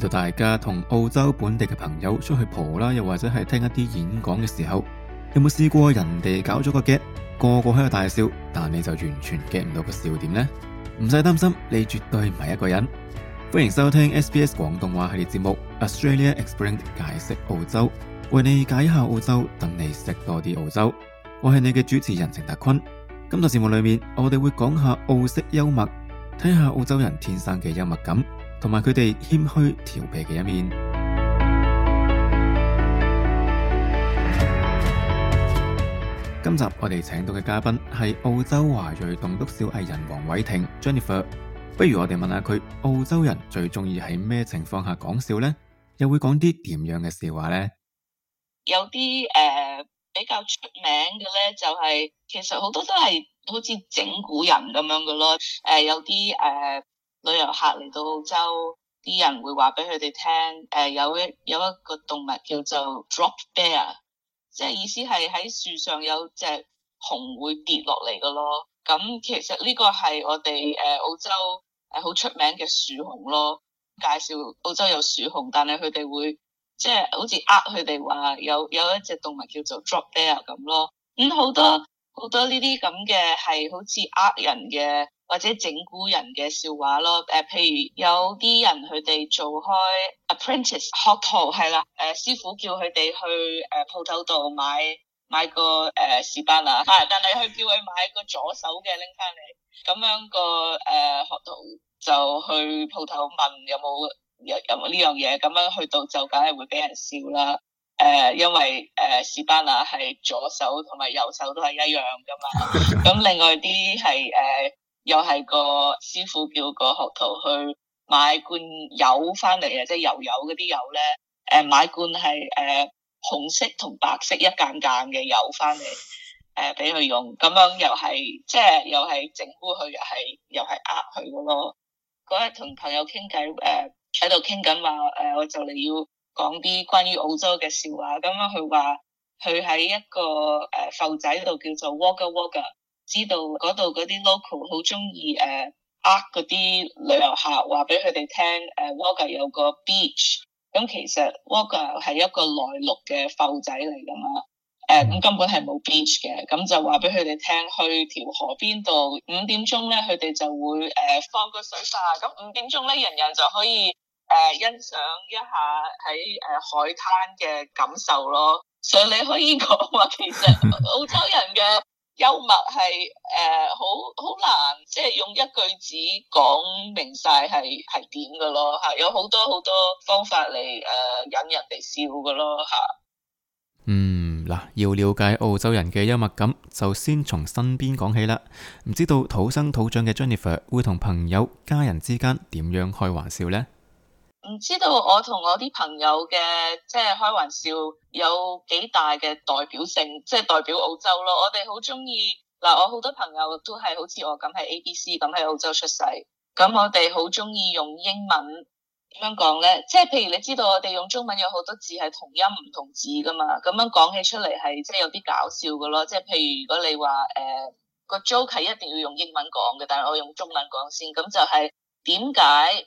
到大家同澳洲本地嘅朋友出去蒲啦，又或者係聽一啲演講嘅時候，有冇試過人哋搞咗個 gag，個個喺度大笑，但你就完全 get 唔到個笑點咧？唔使擔心，你絕對唔係一個人。歡迎收聽 SBS 廣東話系列節目《Australia Explained》解釋澳洲，為你解下澳洲，等你識多啲澳洲。我係你嘅主持人程達坤。今集節目裏面，我哋會講下澳式幽默，睇下澳洲人天生嘅幽默感。同埋佢哋謙虛調皮嘅一面。今集我哋請到嘅嘉賓係澳洲華裔棟篤笑藝人王偉霆 Jennifer。不如我哋問下佢，澳洲人最中意喺咩情況下講笑呢？又會講啲點樣嘅笑話呢？有啲誒、呃、比較出名嘅咧、就係，就係其實好多都係好似整蠱人咁樣嘅咯。誒、呃、有啲誒。呃旅遊客嚟到澳洲，啲人會話俾佢哋聽，誒、呃，有一有一個動物叫做 drop bear，即係意思係喺樹上有隻熊會跌落嚟㗎咯。咁其實呢個係我哋誒澳洲誒好出名嘅樹熊咯。介紹澳洲有樹熊，但係佢哋會即係、就是、好似呃佢哋話有有一隻動物叫做 drop bear 咁咯。咁好多好多呢啲咁嘅係好似呃人嘅。或者整蠱人嘅笑話咯，誒、呃，譬如有啲人佢哋做開 apprentice 學徒係啦，誒、呃、師傅叫佢哋去誒鋪頭度買買,買個誒、呃、士巴拿、啊，但係佢叫佢買個左手嘅拎翻嚟，咁樣個誒、呃、學徒就去鋪頭問有冇有有冇呢樣嘢，咁樣去到就梗係會俾人笑啦，誒、呃，因為誒、呃、士巴拿係左手同埋右手都係一樣噶嘛，咁另外啲係誒。呃又係個師傅叫個學徒去買罐油翻嚟啊，即係油油嗰啲油咧，誒買罐係誒、呃、紅色同白色一間間嘅油翻嚟，誒俾佢用，咁樣又係即係又係整蠱佢，又係又係呃佢嘅咯。嗰日同朋友傾偈，誒喺度傾緊話，誒、呃、我就嚟要講啲關於澳洲嘅笑話，咁樣佢話佢喺一個誒埠、呃、仔度叫做 Wagga Wagga 知道嗰度嗰啲 local 好中意，誒呃嗰啲旅遊客，話俾佢哋聽誒 Wagga 有個 beach，咁其實 Wagga 係一個內陸嘅埠仔嚟噶嘛，誒、uh, 咁根本係冇 beach 嘅，咁就話俾佢哋聽，去條河邊度五點鐘咧，佢哋就會誒、uh, 放個水花，咁五點鐘咧，人人就可以誒、uh, 欣賞一下喺誒、uh, 海灘嘅感受咯，所、so、以你可以講話其實澳洲人嘅。 幽默係誒好好難，即係用一句子講明晒係係點㗎咯嚇，有好多好多方法嚟誒、呃、引人哋笑㗎咯嚇。嗯，嗱，要了解澳洲人嘅幽默感，就先從身邊講起啦。唔知道土生土長嘅 Jennifer 會同朋友、家人之間點樣開玩笑呢？唔知道我同我啲朋友嘅即係開玩笑有幾大嘅代表性，即係代表澳洲咯。我哋好中意嗱，我好多朋友都係好似我咁喺 ABC 咁喺澳洲出世，咁我哋好中意用英文點樣講咧？即係譬如你知道我哋用中文有好多字係同音唔同字噶嘛，咁樣講起出嚟係即係有啲搞笑噶咯。即係譬如如果你、呃那個、話誒個 joke 係一定要用英文講嘅，但係我用中文講先，咁就係點解？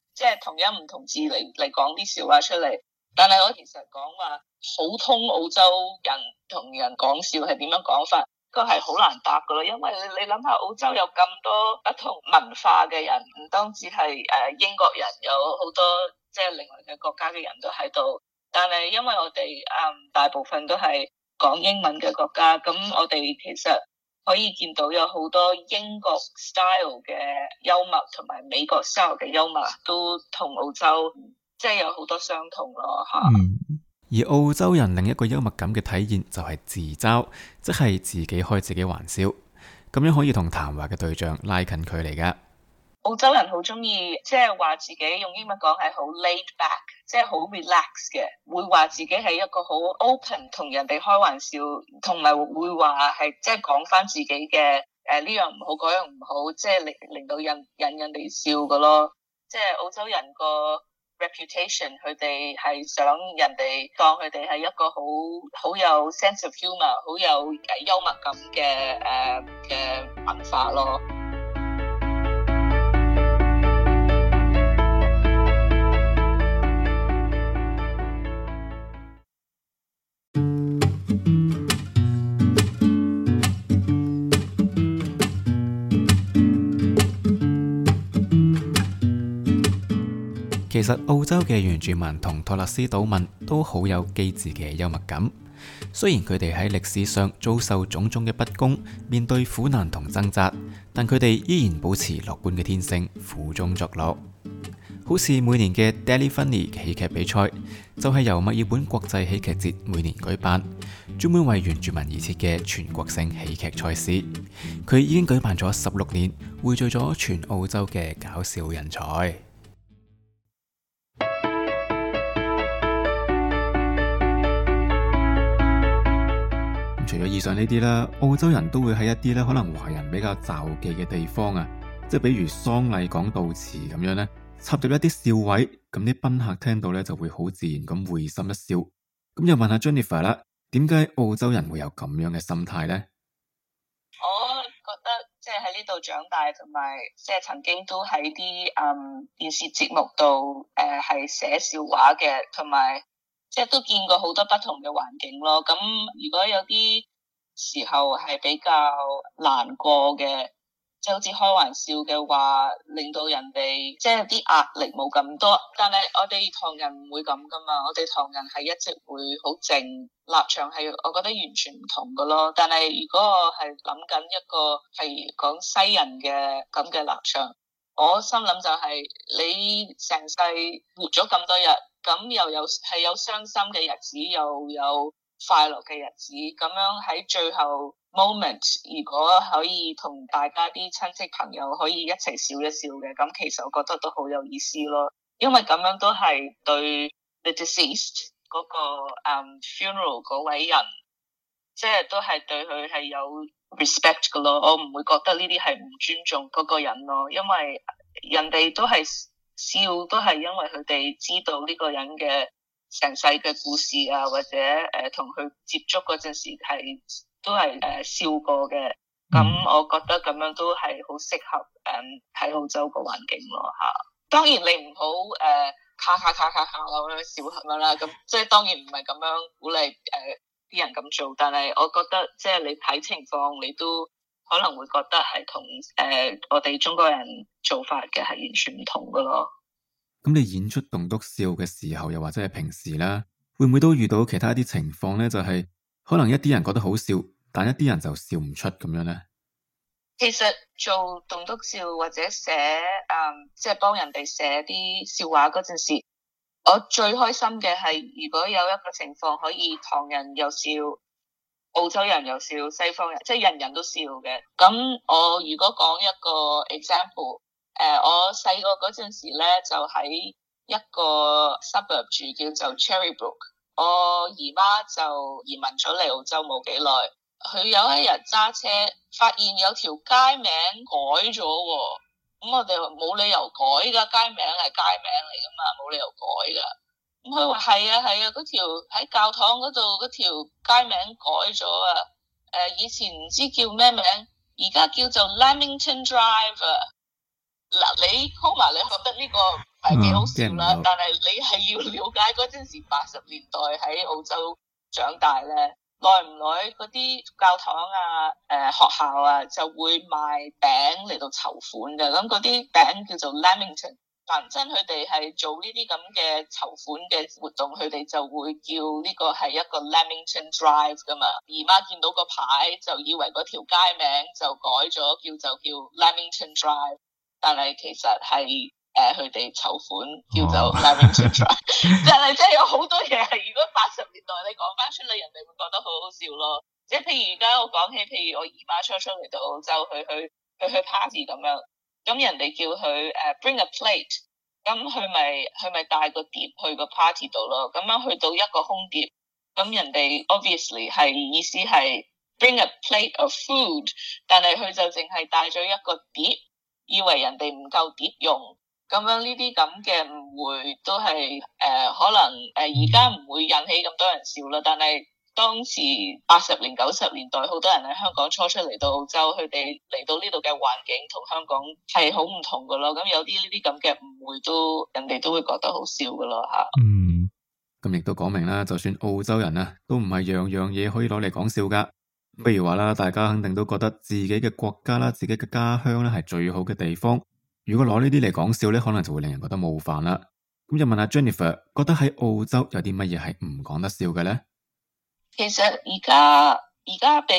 即係同音唔同字嚟嚟講啲笑話出嚟，但係我其實講話普通澳洲人同人講笑係點樣講法，都係好難答㗎喇。因為你你諗下澳洲有咁多不同文化嘅人，唔單止係誒英國人，有好多即係另外嘅國家嘅人都喺度，但係因為我哋誒大部分都係講英文嘅國家，咁我哋其實，可以見到有好多英國 style 嘅幽默同埋美國 style 嘅幽默，都同澳洲即係有好多相同咯吓。嗯、而澳洲人另一個幽默感嘅體現就係自嘲，即係自己開自己玩笑，咁樣可以同談話嘅對象拉近距離噶。澳洲人好中意，即係話自己用英文講係好 laid back，即係好 relax 嘅，會話自己係一個好 open，同人哋開玩笑，同埋會話係即係講翻自己嘅誒呢樣唔好，嗰樣唔好，即係令令到人引人哋笑嘅咯。即係澳洲人個 reputation，佢哋係想人哋當佢哋係一個好好有 sense of humour，好有幽默感嘅誒嘅文化咯。其實澳洲嘅原住民同托勒斯島民都好有機智嘅幽默感。雖然佢哋喺歷史上遭受種種嘅不公，面對苦難同掙扎，但佢哋依然保持樂觀嘅天性，苦中作樂。好似每年嘅 Deadly Funny 喜劇比賽，就係由墨爾本國際喜劇節每年舉辦，專門為原住民而設嘅全國性喜劇賽事。佢已經舉辦咗十六年，匯聚咗全澳洲嘅搞笑人才。上呢啲啦，澳洲人都會喺一啲咧，可能華人比較就忌嘅地方啊，即係比如喪禮講悼詞咁樣咧，插入一啲笑位，咁啲賓客聽到咧就會好自然咁會心一笑。咁又問下 Jennifer 啦，點解澳洲人會有咁樣嘅心態咧？我覺得即係喺呢度長大，同埋即係曾經都喺啲嗯電視節目度誒，係、呃、寫笑話嘅，同埋即係都見過好多不同嘅環境咯。咁如果有啲時候係比較難過嘅，即係好似開玩笑嘅話，令到人哋即係啲壓力冇咁多。但係我哋唐人唔會咁噶嘛，我哋唐人係一直會好靜，立場係我覺得完全唔同噶咯。但係如果我係諗緊一個係講西人嘅咁嘅立場，我心諗就係你成世活咗咁多日，咁又有係有傷心嘅日子，又有。快樂嘅日子，咁樣喺最後 moment，如果可以同大家啲親戚朋友可以一齊笑一笑嘅，咁其實我覺得都好有意思咯。因為咁樣都係對 the deceased 嗰個 um, funeral 嗰位人，即係都係對佢係有 respect 噶咯。我唔會覺得呢啲係唔尊重嗰個人咯，因為人哋都係笑都係因為佢哋知道呢個人嘅。成世嘅故事啊，或者誒同佢接觸嗰陣時係都係誒、呃、笑過嘅，咁我覺得咁樣都係好適合誒喺、嗯、澳洲個環境咯吓、啊，當然你唔好誒咔咔咔咔咁樣、啊嗯、笑咁樣啦，咁即係當然唔係咁樣鼓勵誒啲人咁做，但係我覺得即係、就是、你睇情況，你都可能會覺得係同誒我哋中國人做法嘅係完全唔同噶咯。咁你演出棟篤笑嘅時候，又或者係平時啦，會唔會都遇到其他一啲情況呢？就係、是、可能一啲人覺得好笑，但一啲人就笑唔出咁樣呢？其實做棟篤笑或者寫，嗯，即係幫人哋寫啲笑話嗰陣時，我最開心嘅係，如果有一個情況可以唐人又笑，澳洲人又笑，西方人即係、就是、人人都笑嘅。咁我如果講一個 example。誒、呃，我細個嗰陣時咧，就喺一個 suburb 住，叫做 Cherrybrook。我姨媽就移民咗嚟澳洲冇幾耐，佢有一日揸車，發現有條街名改咗喎、哦。咁、嗯、我哋話冇理由改㗎，街名係街名嚟㗎嘛，冇理由改㗎。咁佢話係啊係啊，嗰、啊、條喺教堂嗰度嗰條街名改咗啊。誒、呃，以前唔知叫咩名，而家叫做 Lamington Drive、啊。嗱，你 Ho Ma，你覺得呢個係幾好笑啦？嗯、但係你係要了解嗰陣時八十年代喺澳洲長大咧，耐唔耐嗰啲教堂啊、誒、呃、學校啊，就會賣餅嚟到籌款嘅。咁嗰啲餅叫做 Lamington，反正佢哋係做呢啲咁嘅籌款嘅活動，佢哋就會叫呢個係一個 Lamington Drive 㗎嘛。姨媽見到個牌就以為嗰條街名就改咗，叫就叫 Lamington Drive。但係其實係誒，佢哋籌款叫做 living treasure 就係即係有好多嘢係，如果八十年代你講翻出嚟，人哋會覺得好好笑咯。即係譬如而家我講起，譬如我姨媽初初嚟到澳洲，就去去去去，去 party 咁樣，咁人哋叫佢誒、uh, bring a plate，咁佢咪佢咪帶個碟去個 party 度咯。咁樣去到一個空碟，咁人哋 obviously 係意思係 bring a plate of food，但係佢就淨係帶咗一個碟。以為人哋唔夠碟用，咁樣呢啲咁嘅誤會都係誒、呃，可能誒而家唔會引起咁多人笑啦。但係當時八十年九十年代，好多人喺香港初出嚟到澳洲，佢哋嚟到呢度嘅環境同香港係好唔同噶咯。咁有啲呢啲咁嘅誤會都人哋都會覺得好笑噶咯吓。嗯，咁亦都講明啦，就算澳洲人啦、啊，都唔係樣樣嘢可以攞嚟講笑噶。不如話啦，大家肯定都覺得自己嘅國家啦、自己嘅家鄉咧係最好嘅地方。如果攞呢啲嚟講笑咧，可能就會令人覺得冒犯啦。咁就問下 Jennifer，覺得喺澳洲有啲乜嘢係唔講得笑嘅咧？其實而家而家比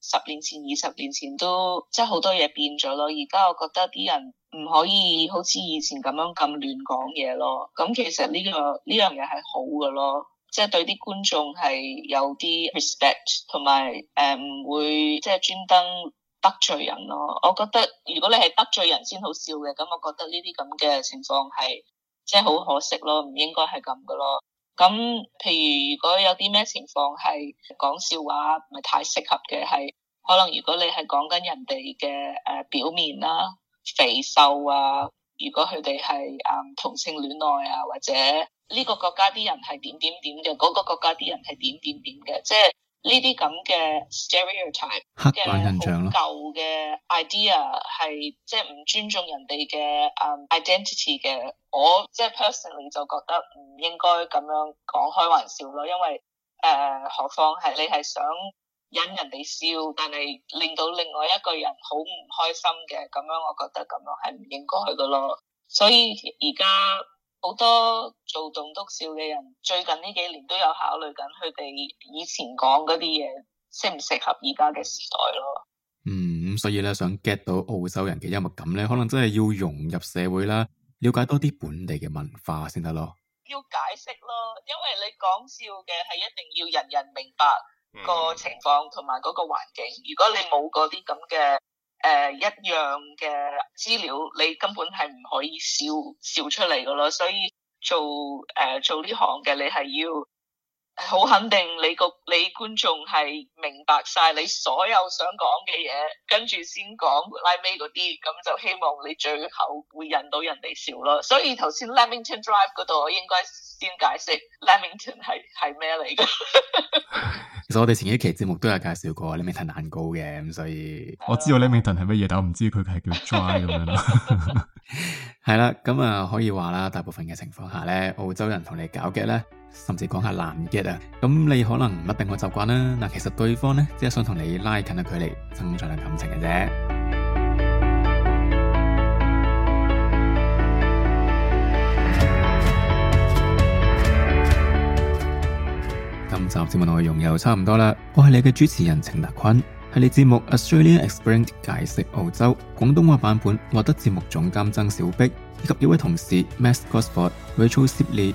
十年前、二十年前都即係好多嘢變咗咯。而家我覺得啲人唔可以好似以前咁樣咁亂講嘢咯。咁其實呢個呢樣嘢係好嘅咯。即係對啲觀眾係有啲 respect，同埋誒唔會即係專登得罪人咯。我覺得如果你係得罪人先好笑嘅，咁我覺得呢啲咁嘅情況係即係好可惜咯，唔應該係咁嘅咯。咁譬如如果有啲咩情況係講笑話，唔係太適合嘅，係可能如果你係講緊人哋嘅誒表面啦，肥瘦啊，如果佢哋係誒同性戀愛啊，或者。呢個國家啲人係點點點嘅，嗰個國家啲人係點點點嘅，即係呢啲咁嘅 stereotype 嘅，好舊嘅 idea 係即係唔尊重人哋嘅誒 identity 嘅。我即係 personally 就覺得唔應該咁樣講開玩笑咯，因為誒、呃、何況係你係想引人哋笑，但係令到另外一個人好唔開心嘅，咁樣我覺得咁樣係唔應該去噶咯。所以而家。好多做棟篤笑嘅人，最近呢幾年都有考慮緊佢哋以前講嗰啲嘢，適唔適合而家嘅時代咯。嗯，所以咧想 get 到澳洲人嘅幽默感咧，可能真係要融入社會啦，了解多啲本地嘅文化先得咯。要解釋咯，因為你講笑嘅係一定要人人明白個情況同埋嗰個環境，嗯，如果你冇嗰啲咁嘅。誒、呃，一樣嘅資料，你根本係唔可以笑笑出嚟噶咯，所以做誒、呃，做呢行嘅你係要。好肯定你個你觀眾係明白晒你所有想講嘅嘢，跟住先講拉尾嗰啲，咁就希望你最後會引到人哋笑咯。所以頭先 Lamington Drive 嗰度，我應該先解釋 Lamington 係係咩嚟嘅。 其實我哋前幾期節目都有介紹過 Lamington 蛋糕嘅，咁所以 我知道 Lamington 係乜嘢，但我唔知佢係叫 dry 咁樣咯。係啦，咁啊可以話啦，大部分嘅情況下咧，澳洲人同你搞嘅咧。甚至講下爛 gag 啊，咁你可能唔一定會習慣啦。嗱，其實對方咧，只係想同你拉近下距離，增進下感情嘅啫。今集節目內容又差唔多啦，我係你嘅主持人程達坤，係你節目 Australian Experience 解釋澳洲廣東話版本，獲得節目總監曾小碧以及呢位同事 Max Gosford Rachel Sibley